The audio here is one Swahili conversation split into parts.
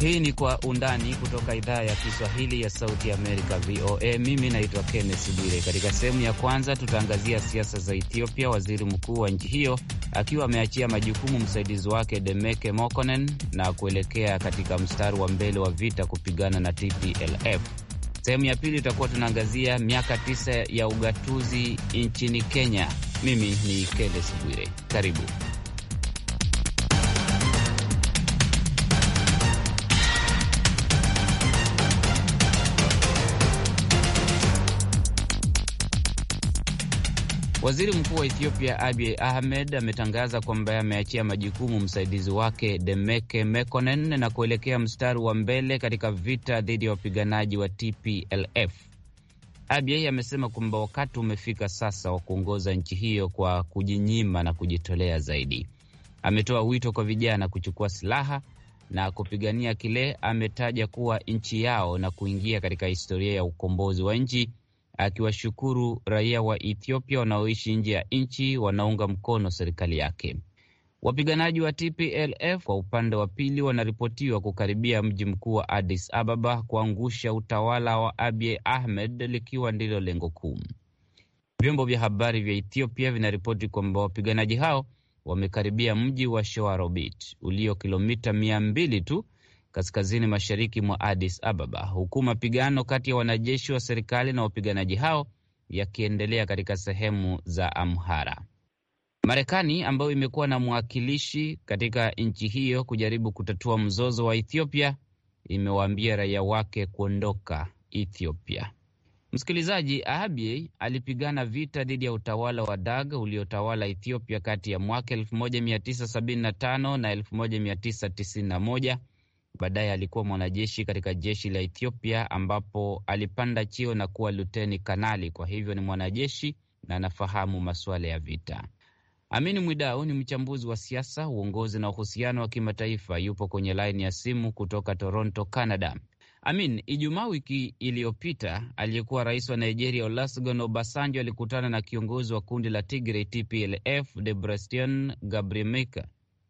Hii ni Kwa Undani kutoka idhaa ya Kiswahili ya Sauti Amerika, VOA. Mimi naitwa Kenneth Bwire. Katika sehemu ya kwanza, tutaangazia siasa za Ethiopia, waziri mkuu wa nchi hiyo akiwa ameachia majukumu msaidizi wake Demeke Mokonen na kuelekea katika mstari wa mbele wa vita kupigana na TPLF. Sehemu ya pili tutakuwa tunaangazia miaka tisa ya ugatuzi nchini Kenya. Mimi ni Kenneth Bwire, karibu. Waziri mkuu wa Ethiopia Abiy Ahmed ametangaza kwamba ameachia majukumu msaidizi wake Demeke Mekonnen na kuelekea mstari wa mbele katika vita dhidi ya wapiganaji wa TPLF. Abiy amesema kwamba wakati umefika sasa wa kuongoza nchi hiyo kwa kujinyima na kujitolea zaidi. Ametoa wito kwa vijana kuchukua silaha na kupigania kile ametaja kuwa nchi yao na kuingia katika historia ya ukombozi wa nchi akiwashukuru raia wa Ethiopia wanaoishi nje ya nchi wanaunga mkono serikali yake. Wapiganaji wa TPLF kwa upande wa pili wanaripotiwa kukaribia mji mkuu wa Addis Ababa kuangusha utawala wa Abiy Ahmed likiwa ndilo lengo kuu. Vyombo vya habari vya Ethiopia vinaripoti kwamba wapiganaji hao wamekaribia mji wa Shoarobit ulio kilomita mia mbili tu kaskazini mashariki mwa Addis Ababa, huku mapigano kati ya wanajeshi wa serikali na wapiganaji hao yakiendelea katika sehemu za Amhara. Marekani ambayo imekuwa na mwakilishi katika nchi hiyo kujaribu kutatua mzozo wa Ethiopia imewaambia raia wake kuondoka Ethiopia. Msikilizaji, Abiy alipigana vita dhidi ya utawala wa Dag uliotawala Ethiopia kati ya mwaka 1975 na 1991 Baadaye alikuwa mwanajeshi katika jeshi la Ethiopia ambapo alipanda cheo na kuwa luteni kanali. Kwa hivyo ni mwanajeshi na anafahamu masuala ya vita. Amin Mwidau ni mchambuzi wa siasa, uongozi na uhusiano wa kimataifa. Yupo kwenye laini ya simu kutoka Toronto, Canada. Amin, Ijumaa wiki iliyopita aliyekuwa rais wa Nigeria Olusegun Obasanjo alikutana na kiongozi wa kundi la Tigray TPLF Debretsion Gebremichael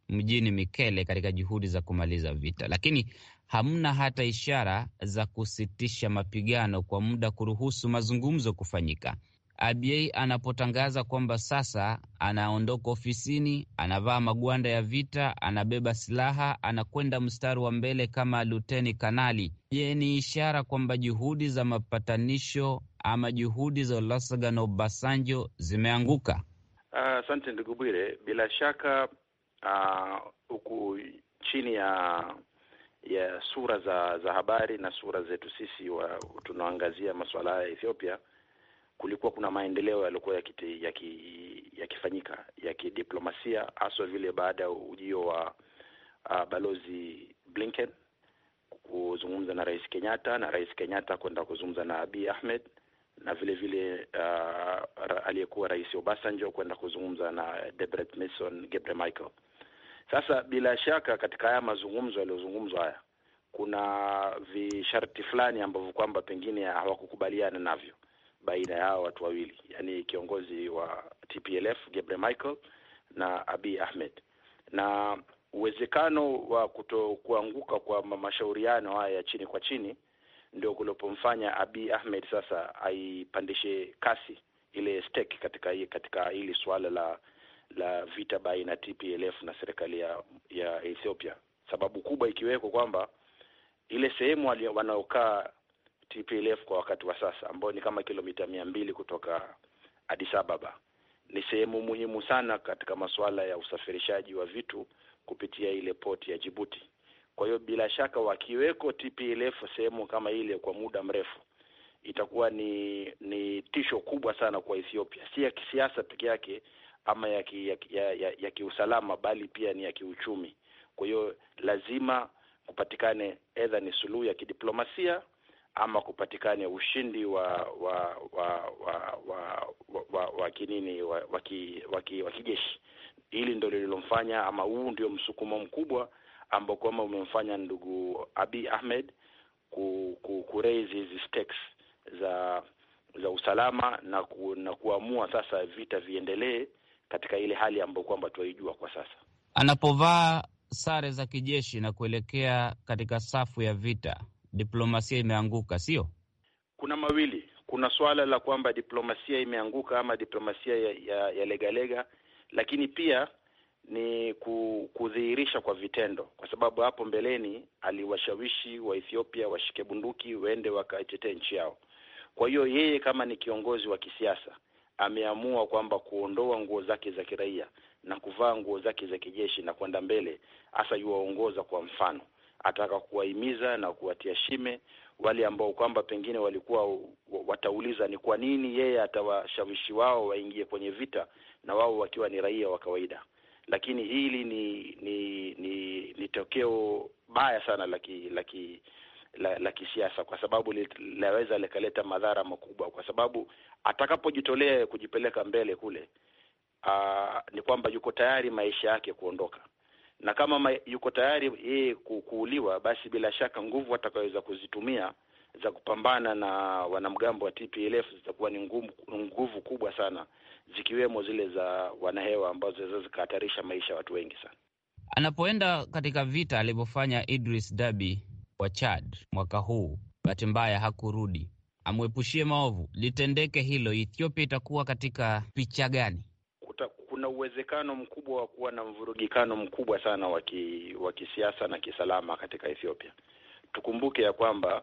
mjini Mikele katika juhudi za kumaliza vita, lakini hamna hata ishara za kusitisha mapigano kwa muda kuruhusu mazungumzo kufanyika. Abiy anapotangaza kwamba sasa anaondoka ofisini, anavaa magwanda ya vita, anabeba silaha, anakwenda mstari wa mbele kama luteni kanali. Je, ni ishara kwamba juhudi za mapatanisho ama juhudi za Olusegun Obasanjo zimeanguka? Asante uh, ndugu Bwire, bila shaka Uh, huku uh, chini ya ya sura za za habari na sura zetu sisi wa tunaangazia masuala ya Ethiopia, kulikuwa kuna maendeleo yaliokuwa yakifanyika ya ki, ya kidiplomasia haswa vile baada ya ujio wa uh, balozi Blinken kuzungumza na Rais Kenyatta na Rais Kenyatta kwenda kuzungumza na Abiy Ahmed na vile vile uh, aliyekuwa Rais Obasanjo kwenda kuzungumza na Debret Mason Michael. Sasa bila shaka katika haya mazungumzo yaliyozungumzwa haya kuna visharti fulani ambavyo kwamba pengine hawakukubaliana navyo baina ya hao watu wawili, yani kiongozi wa TPLF Gabriel Michael na abi Ahmed, na uwezekano wa kutokuanguka kwa mashauriano haya ya chini kwa chini ndio kulipomfanya abi Ahmed sasa aipandishe kasi ile stake katika katika hili suala la la vita baina ya TPLF na serikali ya, ya Ethiopia, sababu kubwa ikiweko kwamba ile sehemu wanaokaa TPLF kwa wakati wa sasa ambayo ni kama kilomita mia mbili kutoka Addis Ababa ni sehemu muhimu sana katika masuala ya usafirishaji wa vitu kupitia ile poti ya Djibouti. Kwa hiyo bila shaka wakiweko TPLF sehemu kama ile kwa muda mrefu itakuwa ni ni tisho kubwa sana kwa Ethiopia, si ya kisiasa peke yake, ama ya, ki, ya, ya, ya, ya kiusalama bali pia ni ya kiuchumi. Kwa hiyo lazima kupatikane edha ni suluhu ya kidiplomasia ama kupatikane ushindi wa wa wa wa wa, wa, wa, wa kinini wa, wa, ki, wa, kijeshi. Hili ndio lililomfanya ama huu ndio msukumo mkubwa ambao kwamba umemfanya ndugu Abi Ahmed ku, ku, ku raise hizi stakes za za usalama na, ku, na kuamua sasa vita viendelee katika ile hali ambayo kwamba tuaijua kwa sasa. Anapovaa sare za kijeshi na kuelekea katika safu ya vita, diplomasia imeanguka, sio? Kuna mawili, kuna swala la kwamba diplomasia imeanguka ama diplomasia ya, ya, ya legalega, lakini pia ni kudhihirisha kwa vitendo, kwa sababu hapo mbeleni aliwashawishi wa Ethiopia washike bunduki waende wakaitetee nchi yao. Kwa hiyo yeye kama ni kiongozi wa kisiasa ameamua kwamba kuondoa nguo zake za kiraia na kuvaa nguo zake za kijeshi na kwenda mbele, hasa yuwaongoza kwa mfano. Ataka kuwahimiza na kuwatia shime wale ambao kwamba pengine walikuwa watauliza ni kwa nini yeye atawashawishi wao waingie kwenye vita na wao wakiwa ni raia wa kawaida. Lakini hili ni ni ni, ni tokeo baya sana la la, la kisiasa kwa sababu linaweza likaleta madhara makubwa, kwa sababu atakapojitolea kujipeleka mbele kule, aa, ni kwamba yuko tayari maisha yake kuondoka, na kama ma, yuko tayari yeye kuuliwa, basi bila shaka nguvu atakayoweza kuzitumia za kupambana na wanamgambo wa TPLF zitakuwa ni nguvu, nguvu kubwa sana, zikiwemo zile za wanahewa ambazo zinaweza zikahatarisha maisha ya watu wengi sana. Anapoenda katika vita alivyofanya Idris Dabi wa Chad mwaka huu bahati mbaya hakurudi. Amwepushie maovu. Litendeke hilo, Ethiopia itakuwa katika picha gani? Kuna uwezekano mkubwa wa kuwa na mvurugikano mkubwa sana wa kisiasa na kisalama katika Ethiopia. Tukumbuke ya kwamba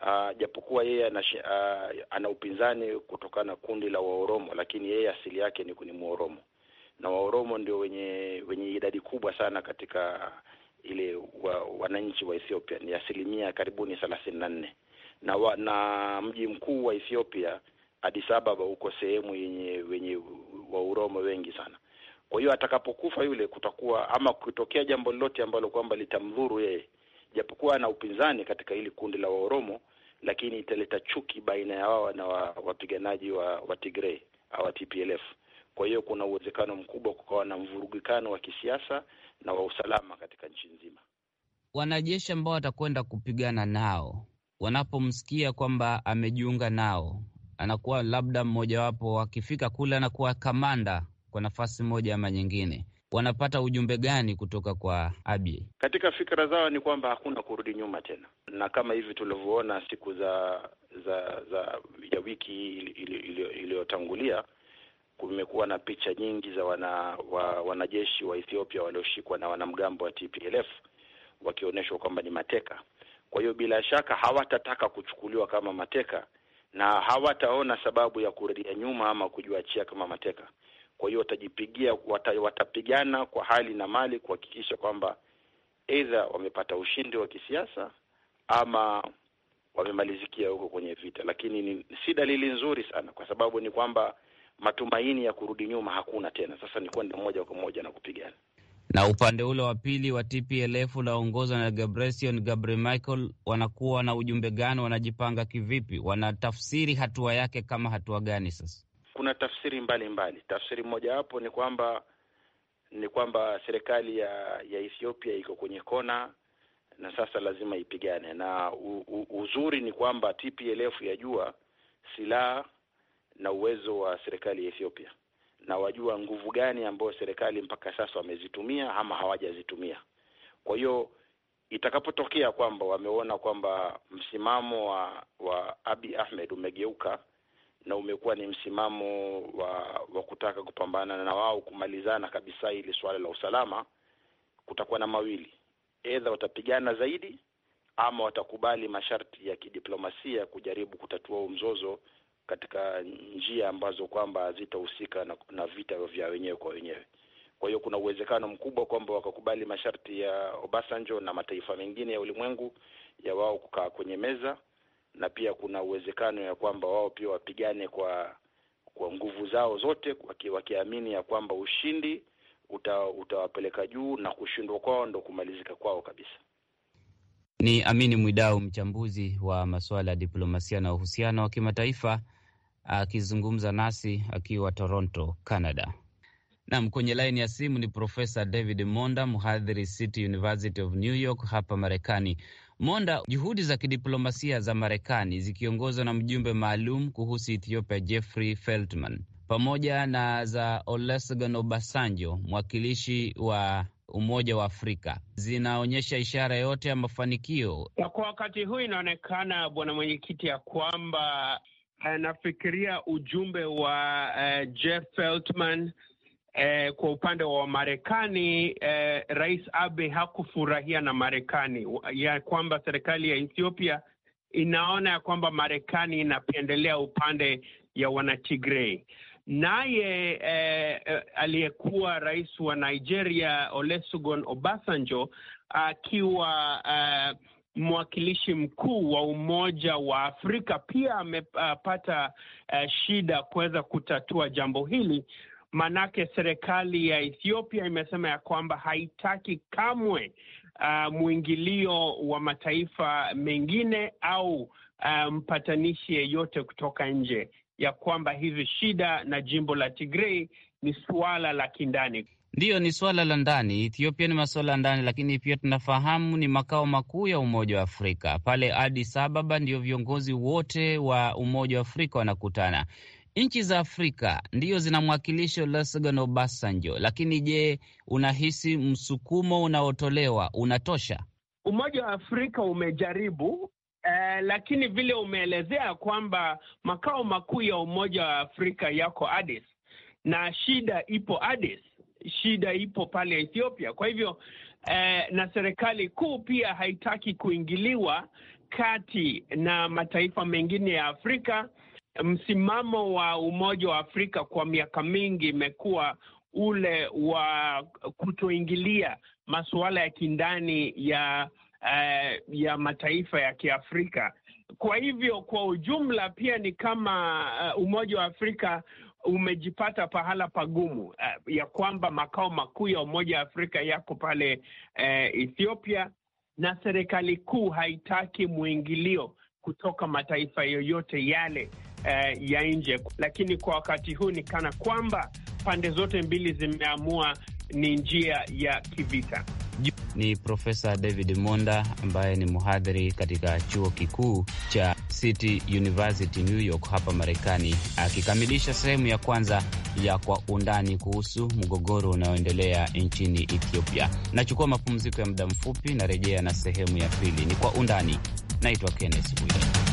Uh, japokuwa yeye ana, uh, ana upinzani kutokana na kundi la Waoromo, lakini yeye asili yake ni ni na Waoromo ndio wenye wenye idadi kubwa sana katika ile wa, wananchi wa Ethiopia ni asilimia karibuni thelathini na nne na na mji mkuu wa Ethiopia Addis Ababa uko sehemu yenye wenye wa Uromo wengi sana. Kwa hiyo atakapokufa yule, kutakuwa ama kutokea jambo lolote ambalo kwamba litamdhuru yeye, japokuwa ana upinzani katika hili kundi la Waoromo, lakini italeta chuki baina ya wao na wapiganaji wa, wa Tigray au TPLF. Kwa hiyo kuna uwezekano mkubwa kukawa na mvurugikano wa kisiasa na wa usalama katika nchi nzima. Wanajeshi ambao watakwenda kupigana nao wanapomsikia kwamba amejiunga nao, anakuwa labda mmojawapo, akifika kule anakuwa kamanda kwa nafasi moja ama nyingine wanapata ujumbe gani kutoka kwa Abiy? Katika fikra zao ni kwamba hakuna kurudi nyuma tena, na kama hivi tulivyoona siku za za za ya wiki iliyotangulia ili, ili, ili kumekuwa na picha nyingi za wana, wa, wanajeshi wa Ethiopia walioshikwa na wanamgambo wa TPLF wakionyeshwa kwamba ni mateka. Kwa hiyo bila shaka hawatataka kuchukuliwa kama mateka na hawataona sababu ya kurudia nyuma ama kujiachia kama mateka. Kwa hiyo watajipigia wata, watapigana kwa hali na mali kuhakikisha kwamba aidha wamepata ushindi wa kisiasa ama wamemalizikia huko kwenye vita, lakini ni, si dalili nzuri sana, kwa sababu ni kwamba matumaini ya kurudi nyuma hakuna tena. Sasa ni kwenda moja kwa moja na kupigana. Na upande ule wa pili wa TPLF unaongozwa na Gebresion Gabriel Michael, wanakuwa na ujumbe gani? Wanajipanga kivipi? Wanatafsiri hatua yake kama hatua gani? Sasa kuna tafsiri mbalimbali mbali. Tafsiri mojawapo ni kwamba ni kwamba serikali ya ya Ethiopia iko kwenye kona na sasa lazima ipigane, na u, u, uzuri ni kwamba TPLF yajua silaha na uwezo wa serikali ya Ethiopia na wajua nguvu gani ambayo serikali mpaka sasa wamezitumia ama hawajazitumia. Kwa hiyo itakapotokea kwamba wameona kwamba msimamo wa wa Abi Ahmed umegeuka na umekuwa ni msimamo wa wa kutaka kupambana na wao kumalizana kabisa ili swala la usalama, kutakuwa na mawili, edha watapigana zaidi ama watakubali masharti ya kidiplomasia kujaribu kutatua mzozo katika njia ambazo kwamba hazitahusika na, na vita vya wenyewe kwa wenyewe. Kwa hiyo kuna uwezekano mkubwa kwamba wakakubali masharti ya Obasanjo na mataifa mengine ya ulimwengu ya wao kukaa kwenye meza, na pia kuna uwezekano ya kwamba wao pia wapigane kwa kwa nguvu zao zote wakiamini ya kwamba ushindi uta, utawapeleka juu na kushindwa kwao ndo kumalizika kwao kabisa. Ni Amini Mwidau, mchambuzi wa masuala ya diplomasia na uhusiano wa kimataifa akizungumza nasi akiwa Toronto, Canada. Nam, kwenye laini ya simu ni Profesa David Monda, mhadhiri City University of New York hapa Marekani. Monda, juhudi za kidiplomasia za Marekani zikiongozwa na mjumbe maalum kuhusu Ethiopia Jeffrey Feltman pamoja na za Olusegun Obasanjo, mwakilishi wa Umoja wa Afrika zinaonyesha ishara yote ya mafanikio kwa wakati huu. Inaonekana bwana mwenyekiti, ya kwamba Eh, nafikiria ujumbe wa uh, Jeff Feltman uh, kwa upande wa Marekani uh, Rais Abe hakufurahia na Marekani ya kwamba serikali ya Ethiopia inaona ya kwamba Marekani inapendelea upande ya Wanatigrei. Naye eh, aliyekuwa rais wa Nigeria Olusegun Obasanjo akiwa eh, mwakilishi mkuu wa Umoja wa Afrika pia amepata uh, shida kuweza kutatua jambo hili, manake serikali ya Ethiopia imesema ya kwamba haitaki kamwe uh, mwingilio wa mataifa mengine au eh, mpatanishi um, yeyote kutoka nje, ya kwamba hizi shida na jimbo la Tigray ni suala la kindani. Ndiyo, ni swala la ndani. Ethiopia ni masuala ya ndani, lakini pia tunafahamu ni makao makuu ya Umoja wa Afrika. Pale Addis Ababa ndio viongozi wote wa Umoja wa Afrika wanakutana. Nchi za Afrika ndiyo zinamwakilisha Olusegun Obasanjo, lakini je, unahisi msukumo unaotolewa unatosha? Umoja wa Afrika umejaribu Uh, lakini vile umeelezea kwamba makao makuu ya Umoja wa Afrika yako Addis na shida ipo Addis shida ipo pale Ethiopia. Kwa hivyo eh, na serikali kuu pia haitaki kuingiliwa kati na mataifa mengine ya Afrika. Msimamo wa Umoja wa Afrika kwa miaka mingi imekuwa ule wa kutoingilia masuala ya kindani ya eh, ya mataifa ya Kiafrika. Kwa hivyo kwa ujumla pia ni kama eh, Umoja wa Afrika umejipata pahala pagumu eh, ya kwamba makao makuu ya Umoja wa Afrika yako pale uh, Ethiopia na serikali kuu haitaki mwingilio kutoka mataifa yoyote yale uh, ya nje, lakini kwa wakati huu ni kana kwamba pande zote mbili zimeamua ni njia ya kivita. Ni Profesa David Monda ambaye ni mhadhiri katika chuo kikuu cha City University New York hapa Marekani, akikamilisha sehemu ya kwanza ya Kwa Undani kuhusu mgogoro unaoendelea nchini Ethiopia. Nachukua mapumziko ya muda mfupi, narejea na sehemu ya pili. Ni Kwa Undani. Naitwa Kenneth Bwire.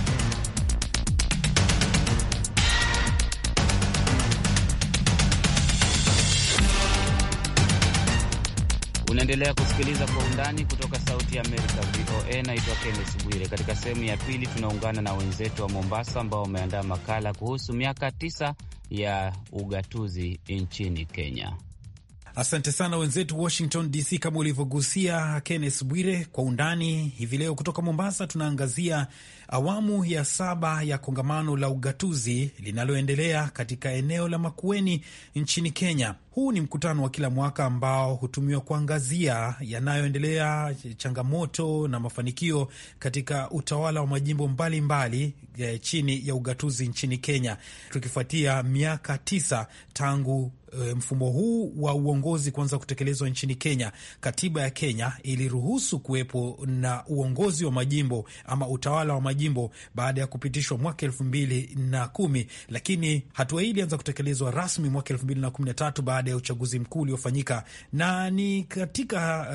Unaendelea kusikiliza Kwa Undani kutoka Sauti ya Amerika, VOA. Naitwa Kennes Bwire. Katika sehemu ya pili, tunaungana na wenzetu wa Mombasa ambao wameandaa makala kuhusu miaka tisa ya ugatuzi nchini Kenya. Asante sana wenzetu Washington DC. Kama ulivyogusia Kennes Bwire, Kwa Undani hivi leo kutoka Mombasa tunaangazia awamu ya saba ya kongamano la ugatuzi linaloendelea katika eneo la Makueni nchini Kenya. Huu ni mkutano wa kila mwaka ambao hutumiwa kuangazia yanayoendelea, changamoto na mafanikio katika utawala wa majimbo mbalimbali mbali, eh, chini ya ugatuzi nchini Kenya, tukifuatia miaka tisa tangu eh, mfumo huu wa uongozi kuanza kutekelezwa nchini Kenya. Katiba ya Kenya iliruhusu kuwepo na uongozi wa majimbo ama utawala wa majimbo baada ya kupitishwa mwaka elfu mbili na kumi, lakini hatua hii ilianza kutekelezwa rasmi mwaka elfu mbili na kumi na tatu baada baada ya uchaguzi mkuu uliofanyika, na ni katika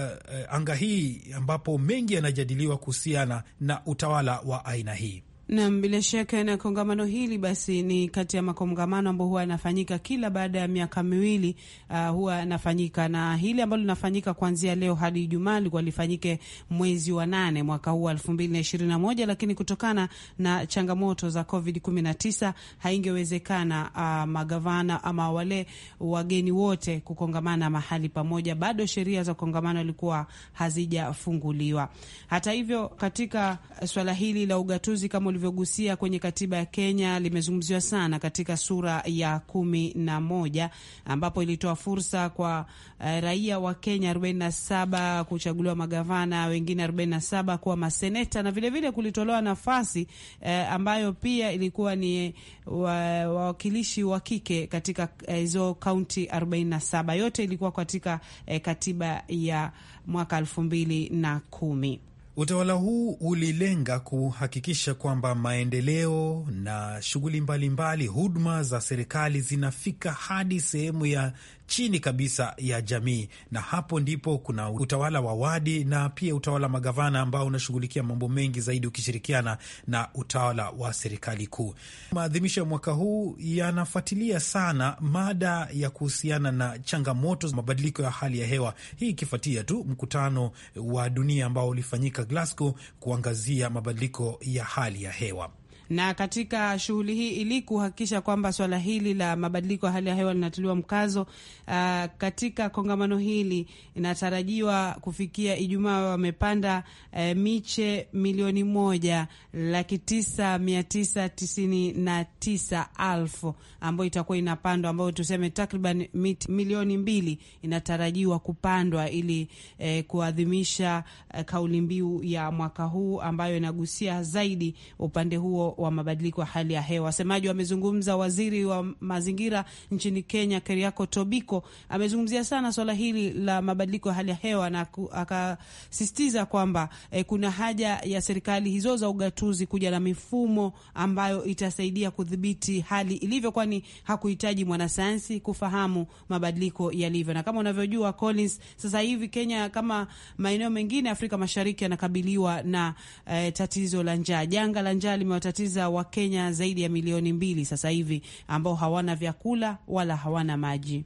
uh, anga hii ambapo mengi yanajadiliwa kuhusiana na utawala wa aina hii. Nam, bila shaka na kongamano hili basi ni kati ya makongamano ambayo huwa yanafanyika kila baada ya miaka miwili. Uh, huwa yanafanyika na hili ambalo linafanyika kuanzia leo hadi Ijumaa likuwa lifanyike mwezi wa nane mwaka huu elfu mbili na ishirini na moja, lakini kutokana na changamoto za Covid 19 haingewezekana uh, magavana ama wale wageni wote kukongamana mahali pamoja. Bado sheria za kongamano ilikuwa hazijafunguliwa. Hata hivyo katika swala hili la ugatuzi kama ulivyogusia kwenye katiba ya Kenya limezungumziwa sana katika sura ya kumi na moja ambapo ilitoa fursa kwa uh, raia wa Kenya 47 kuchaguliwa magavana, wengine 47 kuwa maseneta na vilevile vile kulitolewa nafasi uh, ambayo pia ilikuwa ni wawakilishi wa kike katika eh, hizo uh, kaunti 47. Yote ilikuwa katika uh, katiba ya mwaka elfu mbili na kumi. Utawala huu ulilenga kuhakikisha kwamba maendeleo na shughuli mbalimbali, huduma za serikali zinafika hadi sehemu ya chini kabisa ya jamii, na hapo ndipo kuna utawala wa wadi na pia utawala wa magavana ambao unashughulikia mambo mengi zaidi ukishirikiana na utawala wa serikali kuu. Maadhimisho ya mwaka huu yanafuatilia sana mada ya kuhusiana na changamoto za mabadiliko ya hali ya hewa, hii ikifuatia tu mkutano wa dunia ambao ulifanyika Glasgow kuangazia mabadiliko ya hali ya hewa na katika shughuli hii ili kuhakikisha kwamba swala hili la mabadiliko ya hali ya hewa linatuliwa mkazo. Uh, katika kongamano hili inatarajiwa kufikia Ijumaa wamepanda uh, miche milioni moja laki tisa mia tisa tisini na tisa alfu ambayo itakuwa inapandwa, ambayo tuseme takriban miti milioni mbili inatarajiwa kupandwa ili uh, kuadhimisha uh, kauli mbiu ya mwaka huu ambayo inagusia zaidi upande huo wa mabadiliko ya hali ya hewa. Wasemaji wamezungumza, waziri wa mazingira nchini Kenya Keriako Tobiko amezungumzia sana swala hili la mabadiliko ya hali ya hewa na akasisitiza kwamba eh, kuna haja ya serikali hizo za ugatuzi kuja na mifumo ambayo itasaidia kudhibiti hali ilivyo, kwani hakuhitaji mwanasayansi kufahamu mabadiliko yalivyo. Na kama unavyojua Collins, sasa hivi Kenya kama maeneo mengine Afrika Mashariki yanakabiliwa na eh, tatizo la njaa. Janga la njaa limewatatiza inawatumbukiza Wakenya zaidi ya milioni mbili sasa hivi ambao hawana vyakula wala hawana maji.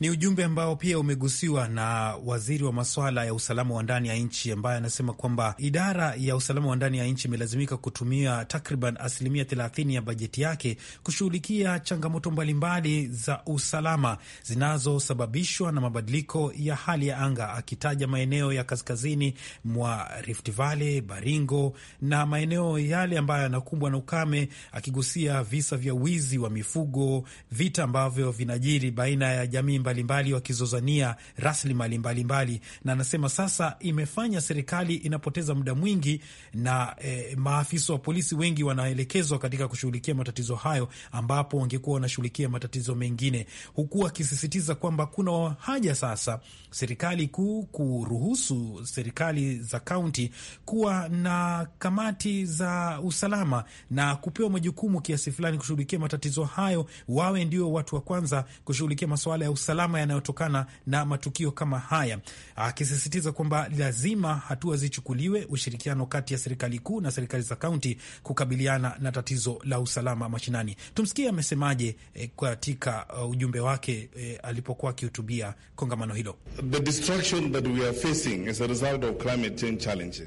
Ni ujumbe ambao pia umegusiwa na waziri wa maswala ya usalama wa ndani ya nchi ambaye anasema kwamba idara ya usalama wa ndani ya nchi imelazimika kutumia takriban asilimia 30 ya bajeti yake kushughulikia changamoto mbalimbali mbali za usalama zinazosababishwa na mabadiliko ya hali ya anga, akitaja maeneo ya kaskazini mwa Rift Valley, Baringo na maeneo yale ambayo yanakumbwa na ukame, akigusia visa vya wizi wa mifugo, vita ambavyo vinajiri baina ya jamii mbalimbali wakizozania rasilimali mbalimbali, na anasema sasa imefanya serikali inapoteza muda mwingi na eh, maafisa wa polisi wengi wanaelekezwa katika kushughulikia matatizo hayo ambapo wangekuwa wanashughulikia matatizo mengine, huku akisisitiza kwamba kuna haja sasa serikali kuu kuruhusu serikali za kaunti kuwa na kamati za usalama na kupewa majukumu kiasi fulani kushughulikia matatizo hayo, wawe ndio watu wa kwanza kushughulikia masuala ya usalama usalama yanayotokana na matukio kama haya, akisisitiza kwamba lazima hatua zichukuliwe, ushirikiano kati ya serikali kuu na serikali za kaunti kukabiliana na tatizo la usalama mashinani. Tumsikie amesemaje eh, katika uh, ujumbe wake eh, alipokuwa akihutubia kongamano hilo.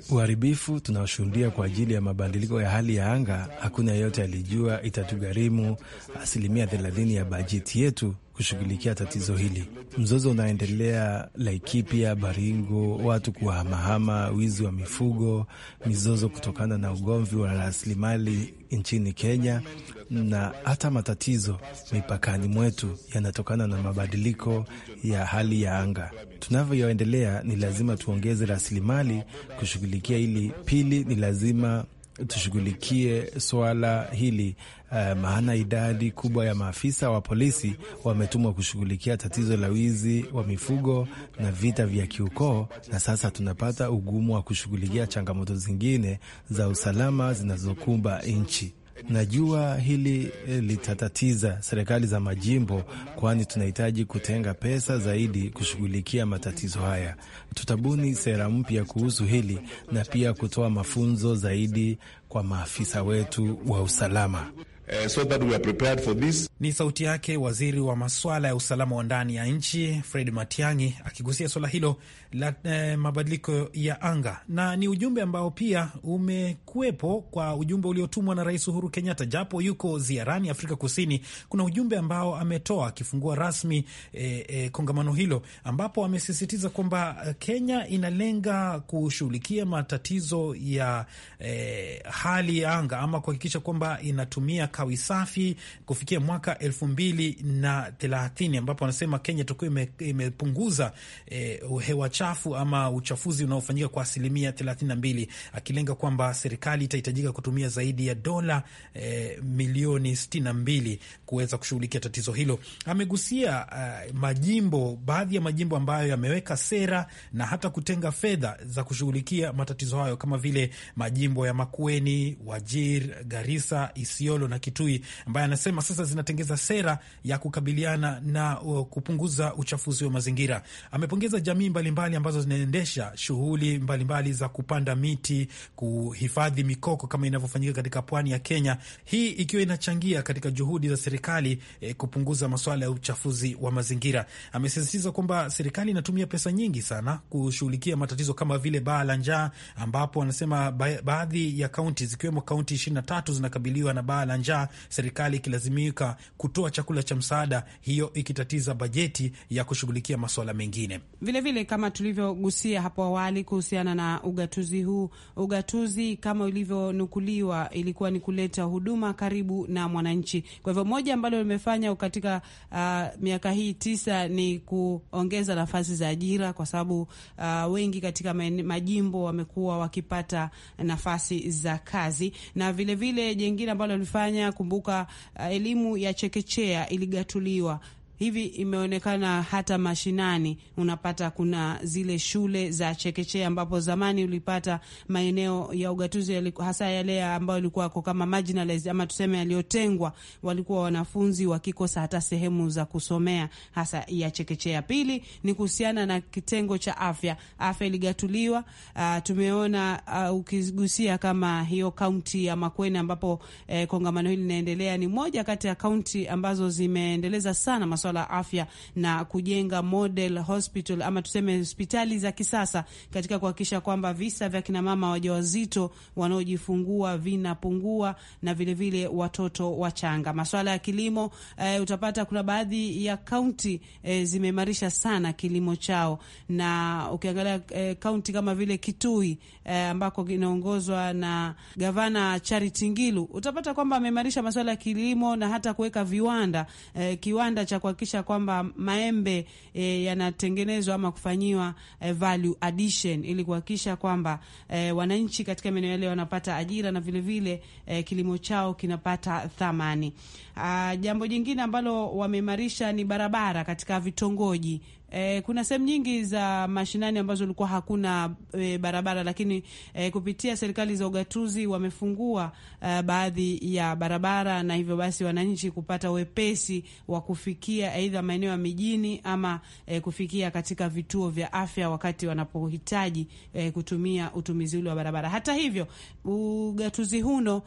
Uharibifu tunaoshuhudia kwa ajili ya mabadiliko ya hali ya anga, hakuna yeyote alijua itatugharimu asilimia 30 ya bajeti yetu kushughulikia tatizo hili. Mzozo unaendelea Laikipia, Baringo, watu kuhamahama, wizi wa mifugo, mizozo kutokana na ugomvi wa rasilimali nchini Kenya, na hata matatizo mipakani mwetu yanatokana na mabadiliko ya hali ya anga. Tunavyoendelea, ni lazima tuongeze rasilimali kushughulikia hili. Pili, ni lazima tushughulikie swala hili uh, maana idadi kubwa ya maafisa wa polisi wametumwa kushughulikia tatizo la wizi wa mifugo na vita vya kiukoo, na sasa tunapata ugumu wa kushughulikia changamoto zingine za usalama zinazokumba nchi. Najua hili eh, litatatiza serikali za majimbo, kwani tunahitaji kutenga pesa zaidi kushughulikia matatizo haya. Tutabuni sera mpya kuhusu hili na pia kutoa mafunzo zaidi kwa maafisa wetu wa usalama. Uh, so that we are prepared for this. Ni sauti yake waziri wa maswala ya usalama wa ndani ya nchi Fred Matiang'i akigusia swala hilo la eh, mabadiliko ya anga, na ni ujumbe ambao pia umekuwepo kwa ujumbe uliotumwa na Rais Uhuru Kenyatta, japo yuko ziarani Afrika Kusini. Kuna ujumbe ambao ametoa akifungua rasmi eh, eh, kongamano hilo, ambapo amesisitiza kwamba eh, Kenya inalenga kushughulikia matatizo ya eh, hali ya anga ama kuhakikisha kwamba inatumia kawi safi kufikia mwaka elfu mbili na thelathini ambapo wanasema Kenya itakuwa imepunguza e, hewa chafu ama uchafuzi unaofanyika kwa asilimia thelathini na mbili akilenga kwamba serikali itahitajika kutumia zaidi ya dola e, milioni sitini na mbili kuweza kushughulikia tatizo hilo. Amegusia uh, majimbo, baadhi ya majimbo ambayo yameweka sera na hata kutenga fedha za kushughulikia matatizo hayo kama vile majimbo ya Makueni, Wajir, Garisa, Isiolo na Kitui ambaye anasema sasa zinatengeza sera ya kukabiliana na uh, kupunguza uchafuzi wa mazingira. Amepongeza jamii mbalimbali mbali ambazo zinaendesha shughuli mbalimbali za kupanda miti, kuhifadhi mikoko kama inavyofanyika katika pwani ya Kenya, hii ikiwa inachangia katika juhudi za serikali eh, kupunguza masuala ya uchafuzi wa mazingira. Amesisitiza kwamba serikali inatumia pesa nyingi sana kushughulikia matatizo kama vile baa la njaa, ambapo anasema baadhi ya kaunti zikiwemo kaunti 23 zinakabiliwa na baa la njaa njaa, serikali ikilazimika kutoa chakula cha msaada, hiyo ikitatiza bajeti ya kushughulikia masuala mengine. Vilevile, kama tulivyogusia hapo awali kuhusiana na ugatuzi huu, ugatuzi kama ilivyonukuliwa ilikuwa ni kuleta huduma karibu na mwananchi. Kwa hivyo moja ambalo limefanya katika uh, miaka hii tisa ni kuongeza nafasi za ajira, kwa sababu uh, wengi katika majimbo wamekuwa wakipata nafasi za kazi, na vilevile jengine ambalo lilifanya Kumbuka uh, eh, elimu ya chekechea iligatuliwa hivi imeonekana hata mashinani, unapata kuna zile shule za chekechea ambapo zamani ulipata maeneo ya ugatuzi, hasa yale ambayo ilikuwa ko kama marginalized ama tuseme yaliyotengwa, walikuwa wanafunzi wakikosa hata sehemu za kusomea hasa ya chekechea. Pili ni kuhusiana na kitengo cha afya, afya iligatuliwa. Uh, tumeona uh, ukigusia kama hiyo kaunti ya Makueni ambapo eh, kongamano hili linaendelea, ni moja kati ya kaunti ambazo zimeendeleza sana maswa masuala ya afya na kujenga model hospital ama tuseme hospitali za kisasa katika kuhakikisha kwamba visa vya kina mama wajawazito wanaojifungua vinapungua na vile vile watoto wachanga. Masuala ya kilimo eh, utapata kuna baadhi ya kaunti eh, zimeimarisha sana kilimo chao, na ukiangalia kaunti eh, kama vile Kitui eh, ambako inaongozwa na gavana Charity Ngilu utapata kwamba ameimarisha masuala ya kilimo na hata kuweka viwanda eh, kiwanda cha kwa kuhakikisha kwamba maembe e, yanatengenezwa ama kufanyiwa e, value addition ili kuhakikisha kwamba e, wananchi katika maeneo yale wanapata ajira na vilevile vile, e, kilimo chao kinapata thamani. A, ah, jambo jingine ambalo wameimarisha ni barabara katika vitongoji E, kuna sehemu nyingi za mashinani ambazo ulikuwa hakuna e, barabara lakini e, kupitia serikali za ugatuzi wamefungua e, baadhi ya barabara na hivyo basi wananchi kupata wepesi wa kufikia aidha maeneo ya mijini ama e, kufikia katika vituo vya afya wakati wanapohitaji e, kutumia utumizi ule wa barabara. Hata hivyo ugatuzi huno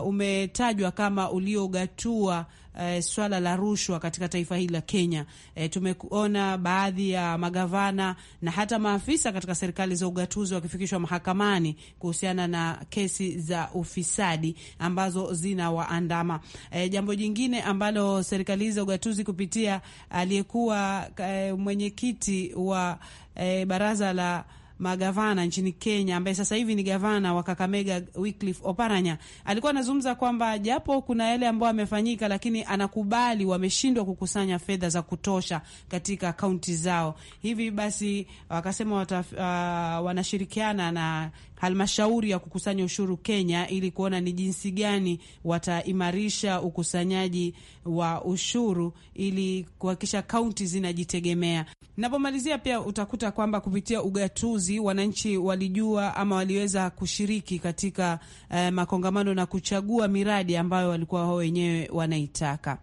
uh, umetajwa kama uliogatua eh, swala la rushwa katika taifa hili la Kenya. Eh, tumeona baadhi ya magavana na hata maafisa katika serikali za ugatuzi wakifikishwa mahakamani kuhusiana na kesi za ufisadi ambazo zinawaandama. Eh, jambo jingine ambalo serikali za ugatuzi kupitia aliyekuwa eh, mwenyekiti wa eh, baraza la magavana nchini Kenya ambaye sasa hivi ni gavana wa Kakamega Wycliffe Oparanya alikuwa anazungumza kwamba japo kuna yale ambayo amefanyika, lakini anakubali wameshindwa kukusanya fedha za kutosha katika kaunti zao. Hivi basi wakasema wata, uh, wanashirikiana na halmashauri ya kukusanya ushuru Kenya ili kuona ni jinsi gani wataimarisha ukusanyaji wa ushuru ili kuhakikisha kaunti zinajitegemea. Napomalizia pia utakuta kwamba kupitia ugatuzi wananchi walijua ama waliweza kushiriki katika eh, makongamano na kuchagua miradi ambayo walikuwa wao wenyewe wanaitaka.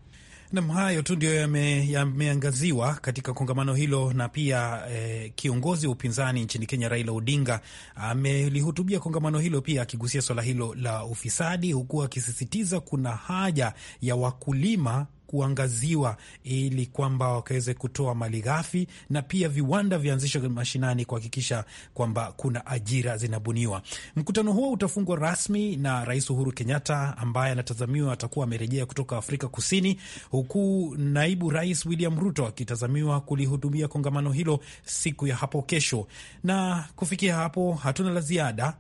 Nam, hayo tu ndio yameangaziwa katika kongamano hilo, na pia eh, kiongozi wa upinzani nchini Kenya Raila Odinga amelihutubia kongamano hilo pia akigusia swala hilo la ufisadi, huku akisisitiza kuna haja ya wakulima kuangaziwa ili kwamba wakaweze kutoa mali ghafi na pia viwanda vianzishwe mashinani kuhakikisha kwamba kuna ajira zinabuniwa. Mkutano huo utafungwa rasmi na Rais Uhuru Kenyatta ambaye anatazamiwa atakuwa amerejea kutoka Afrika Kusini, huku naibu rais William Ruto akitazamiwa kulihutubia kongamano hilo siku ya hapo kesho. Na kufikia hapo hatuna la ziada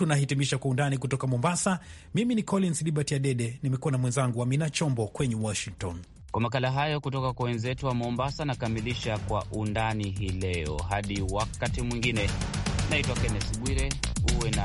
tunahitimisha kwa undani kutoka Mombasa. Mimi ni Collins Liberty Adede, nimekuwa na mwenzangu Amina Chombo kwenye Washington. Kwa makala hayo kutoka kwa wenzetu wa Mombasa, nakamilisha kwa undani hii leo. Hadi wakati mwingine, naitwa Kennes Bwire, uwe na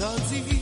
jazzy.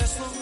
just won't